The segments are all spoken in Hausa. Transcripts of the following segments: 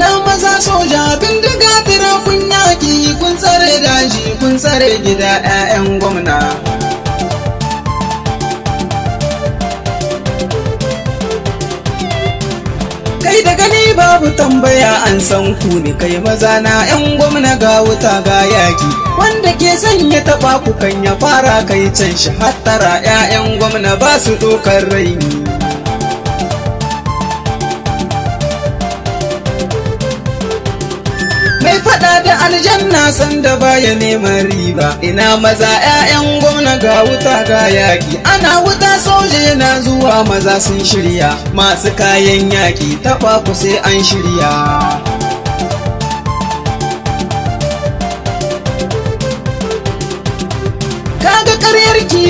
kenan maza soja bindiga tira kun yaki kun tsare daji kun tsare gida 'ya'yan gwamna kai da gani babu tambaya an san ku ne kai maza na yan gwamna ga wuta ga yaki wanda ke sanya ya taba ku kan ya fara kai can shi hattara 'ya'yan gwamna ba su ɗokar raini kai fada da aljanna sanda baya neman riba ina maza ƴaƴan gwamna ga wuta ga yaki ana wuta soje na zuwa maza sun shirya masu kayan yaki taɓa ku sai an shirya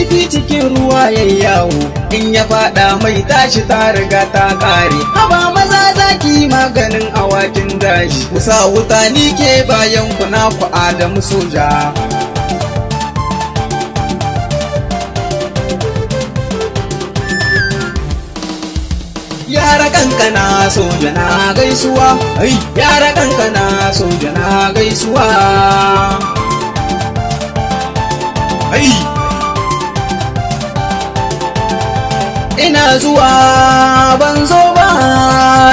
kifi cikin ruwa ya yawo in ya fada mai tashi ta riga ta kare haba maza za zaki maganin awakin dashi kusa wuta ni ke bayan ku na ku adamu soja yara kankana soja na gaisuwa ai yara kankana soja na gaisuwa ai ina zuwa ban zo ba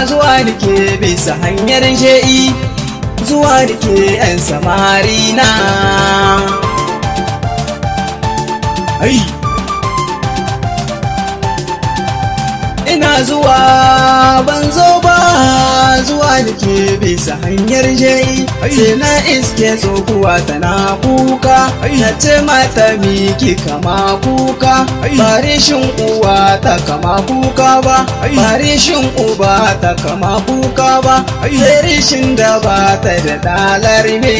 zuwa nike bisa hanyar je'i zuwa nike yan samari na ai ina zuwa ban zo ba zuwa nake bisa hanyar jai sai na iske tsohuwa tana kuka na ce mata miki kama kuka shin uwa ta kama kuka ba shin uba ta kama kuka ba sai rishin da ba ta da dalar ne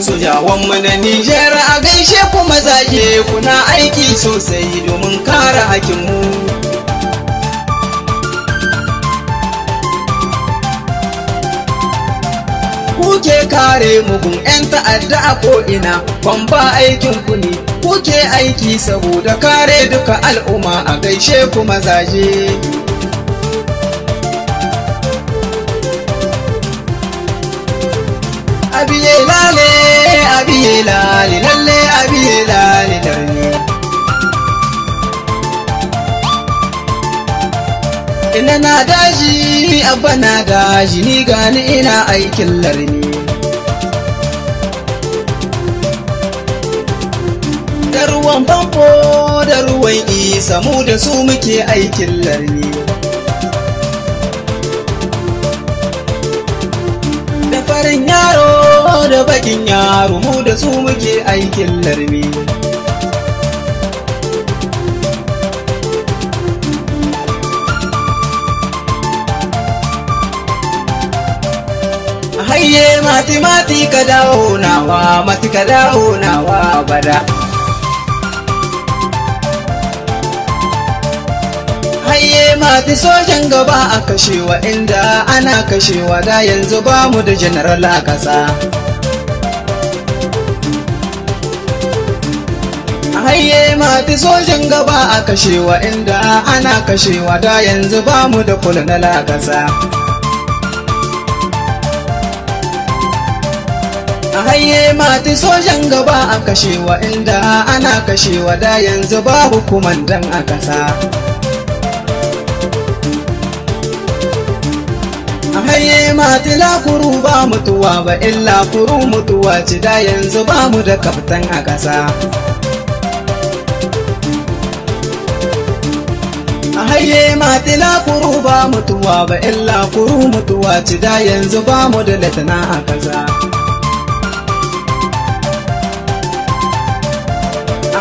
sojawanmu na Nijar a gaishe ku mazaje kuna aiki sosai domin kare hakinmu. Kuke kare mugun 'yan ta'adda a ko'ina, ban ba aikin ku ne, kuke aiki saboda kare duka al'umma a gaishe ku mazaje. abiye lale abi lalle abi lali ina na daji abba na daji ni gani ina aikin larni da ruwan famfo da ruwan isa mu da su muke aikin larni da farin yaro da bakin yaro mu da su muke aikin larmi Haiye mati mati ka dawo nawa mati ka dawo nawa bada Haiye mati sojan gaba a kashewa inda ana kashewa da yanzu ba mu da general a kasa haye mati sojin gaba a kashewa inda ana kashewa da yanzu ba mu da kula na lakasa a haye mati sojan gaba a kashewa inda ana kashewa da yanzu babu kumandan a kasa a haye mati lakuru ba mutuwa ba illa kuru mutuwa ci da yanzu ba mu da kaftan a kasa adila kuru ba mutuwa ba illa kuru mutuwa ci da yanzu ba mu da latana a kaza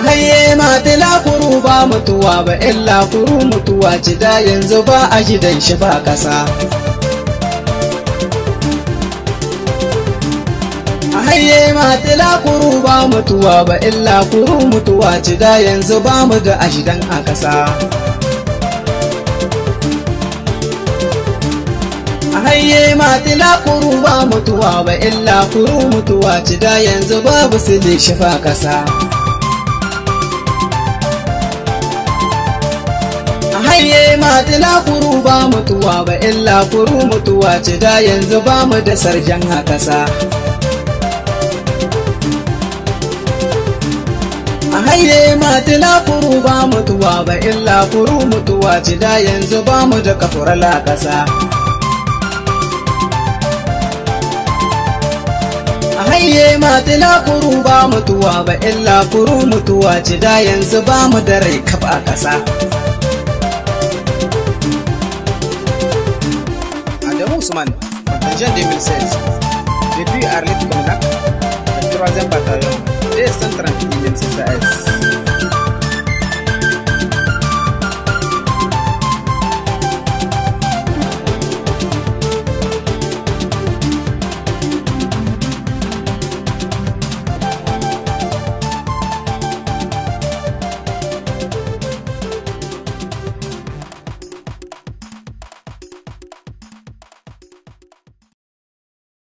haye matila kuru ba mutuwa ba illa kuru mutuwa ci da yanzu ba a gidan shi ba kasa haye matila kuru ba mutuwa ba illa kuru mutuwa ci da yanzu ba mu da a gidan a kasa ayye matila kuru ba mutuwa ba illa kuru mutuwa ci da yanzu babu su ne shifa kasa ayye matila kuru ba mutuwa ba illa kuru mutuwa ci da yanzu ba mu da sarjan hakasa haire matila kuru ba mutuwa ba illa kuru mutuwa ci da yanzu ba mu da kafurar kasa. haiye matila kuru ba mutuwa ba illa kuru mutuwa ci da yanzu ba mu da rai kaf a ƙasa. Adamu Usman, Jean de Milsens, depuis Arlette le troisième bataillon,